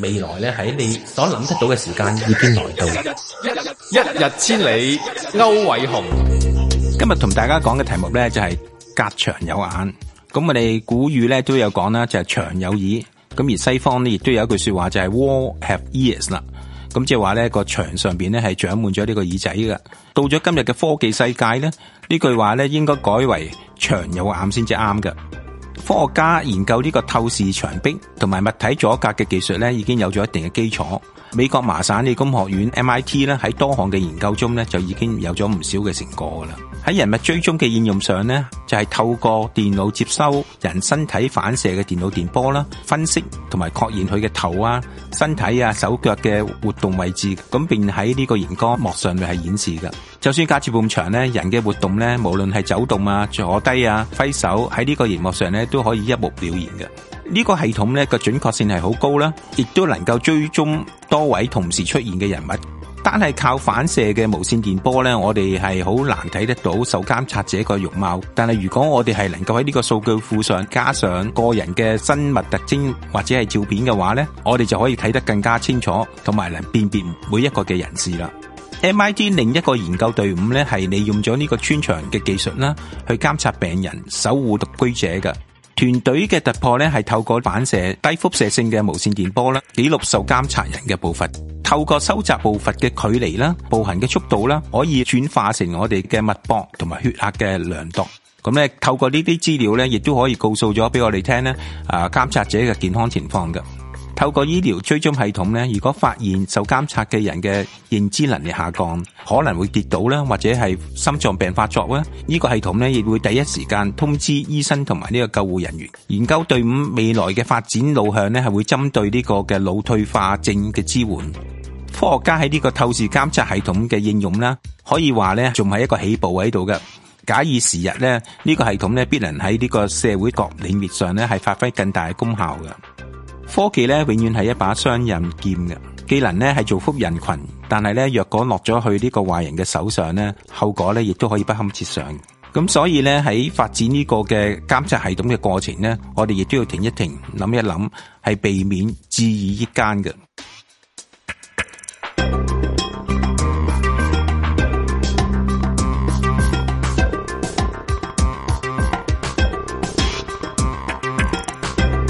未來咧喺你所諗得到嘅時間已經來到，一日千里，區煒洪。今日同大家講嘅題目咧就係、是、隔牆有眼。咁我哋古語咧都有講啦，就係、是、牆有耳。咁而西方呢，亦都有一句話、就是、years, 說話就係 Wall have ears 啦。咁即係話咧個牆上邊咧係長滿咗呢滿個耳仔㗎。到咗今日嘅科技世界咧，呢句話咧應該改為牆有眼先至啱㗎。科學家研究呢個透視牆壁同埋物體阻隔嘅技術咧，已經有咗一定嘅基礎。美國麻省理工學院 MIT 咧喺多項嘅研究中咧，就已經有咗唔少嘅成果噶啦。喺人物追蹤嘅應用上呢，就係透過電腦接收人身體反射嘅電腦電波啦，分析同埋確認佢嘅頭啊、身體啊、手腳嘅活動位置，咁便喺呢個熒光幕上面係顯示㗎。就算隔住咁長呢，人嘅活動呢，無論係走動啊、坐低啊、揮手，喺呢個熒幕上呢，都可以一目了然嘅。呢個系統呢，個準確性係好高啦，亦都能夠追蹤多位同時出現嘅人物。但係靠反射嘅無綫電波咧，我哋係好難睇得到受監察者個容貌。但係如果我哋係能夠喺呢個數據庫上加上個人嘅生物特徵或者係照片嘅話咧，我哋就可以睇得更加清楚，同埋能辨別每一個嘅人士啦。MIT 另一個研究隊伍咧係利用咗呢個穿牆嘅技術啦，去監察病人、守護獨居者嘅團隊嘅突破咧係透過反射低輻射性嘅無綫電波啦，記錄受監察人嘅部分。透過收集步伐嘅距離啦，步行嘅速度啦，可以轉化成我哋嘅脈搏同埋血壓嘅量度。咁咧，透過呢啲資料咧，亦都可以告訴咗俾我哋聽咧，啊，監察者嘅健康情況嘅。透過醫療追蹤系統咧，如果發現受監察嘅人嘅認知能力下降，可能會跌倒啦，或者係心臟病發作咧，呢個系統咧亦會第一時間通知醫生同埋呢個救護人員。研究隊伍未來嘅發展路向咧，係會針對呢個嘅腦退化症嘅支援。科學家喺呢個透視監測系統嘅應用啦，可以話呢仲係一個起步喺度嘅。假以時日呢，呢個系統呢必能喺呢個社會各領域上呢係發揮更大嘅功效嘅。科技呢永遠係一把雙刃劍嘅，既能呢係造福人群，但係呢，若果落咗去呢個壞人嘅手上呢，後果呢亦都可以不堪設想。咁所以呢，喺發展呢個嘅監測系統嘅過程呢，我哋亦都要停一停，諗一諗，係避免置意益間嘅。